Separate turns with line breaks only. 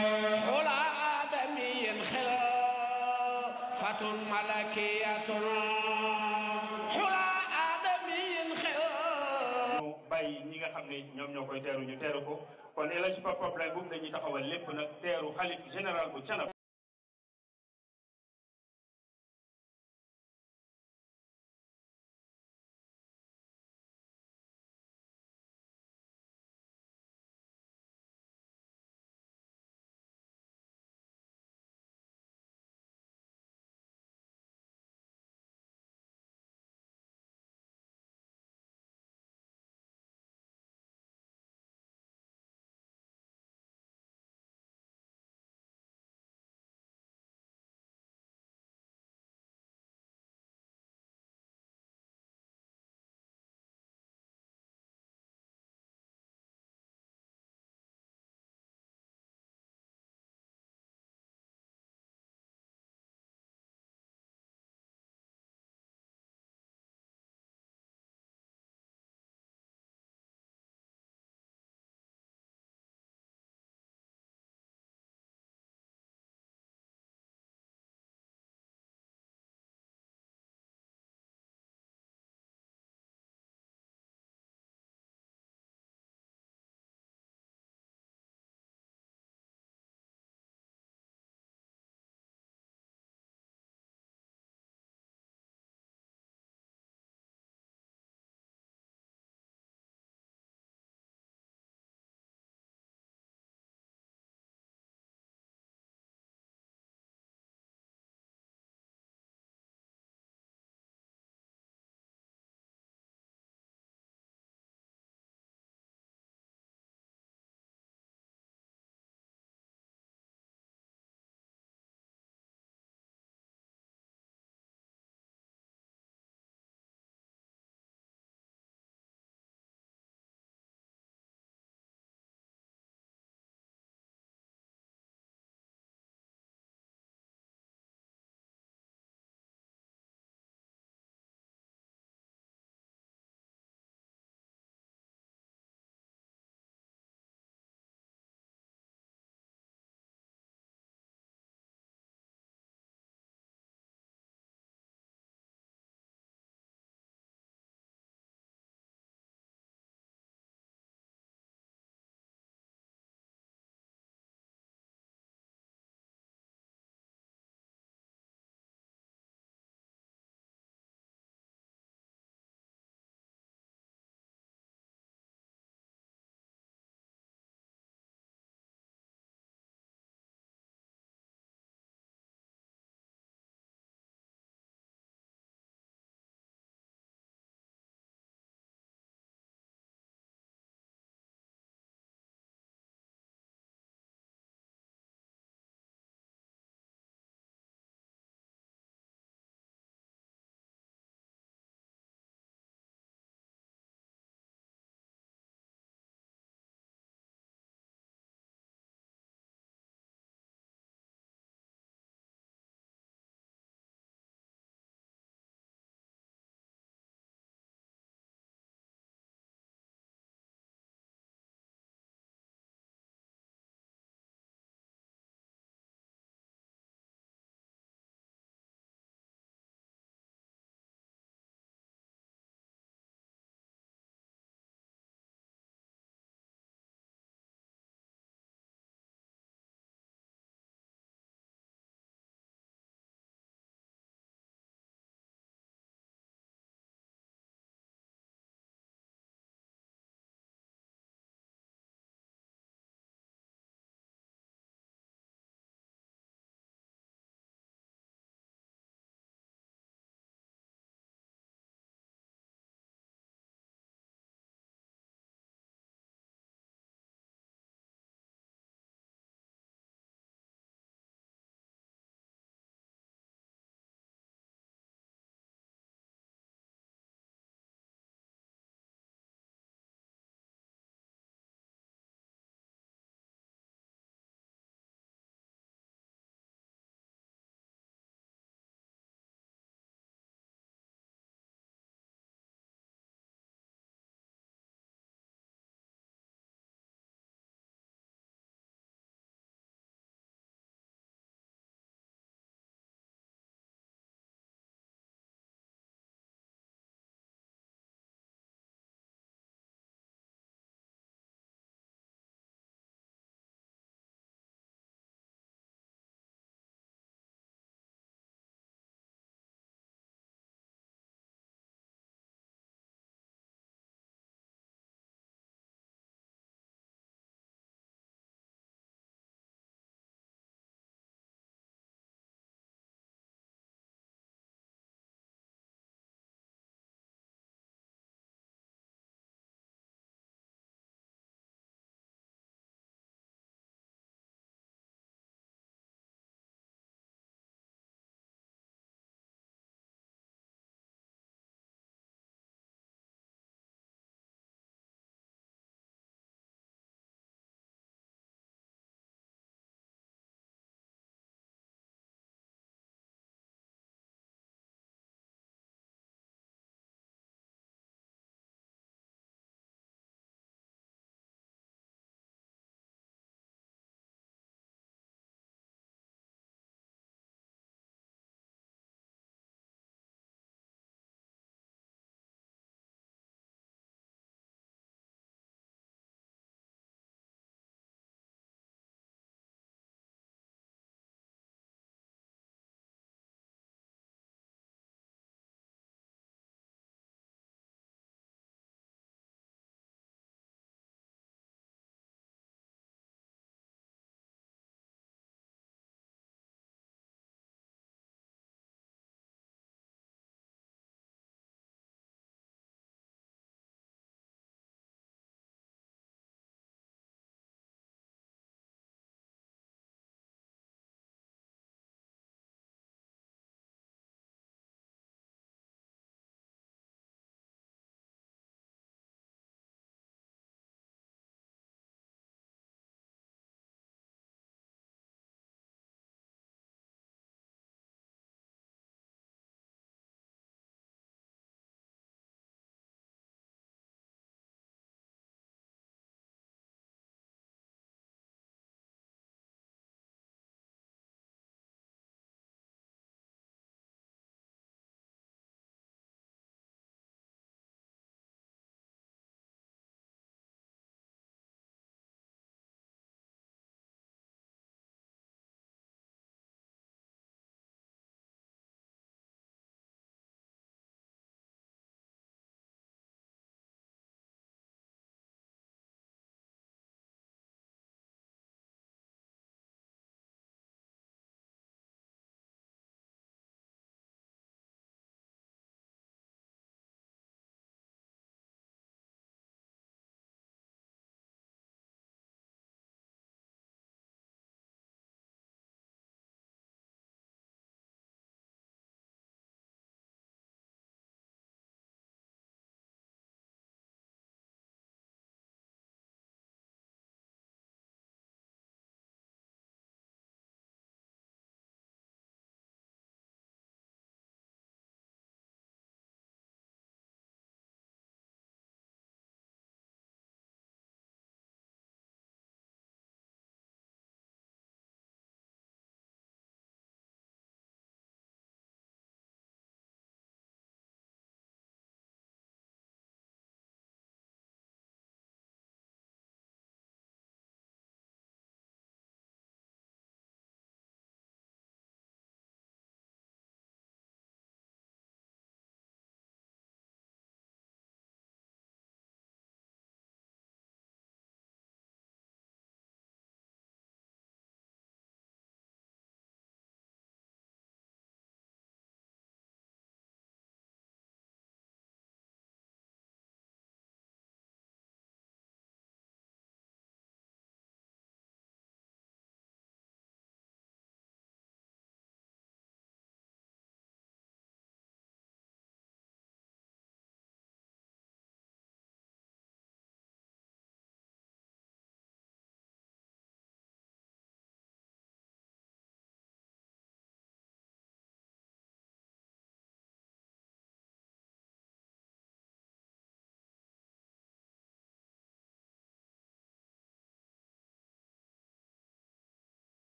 خلا آدمي
خلافة
ملكية خلا آدمي خلافة
bay ñi nga xam ne ñoom ñoo koy teeru ñu teeru ko kon El Hadj Papa Abdoulaye Mboup dañuy taxawal lépp nag
teeru xalif général bu
Thiénaba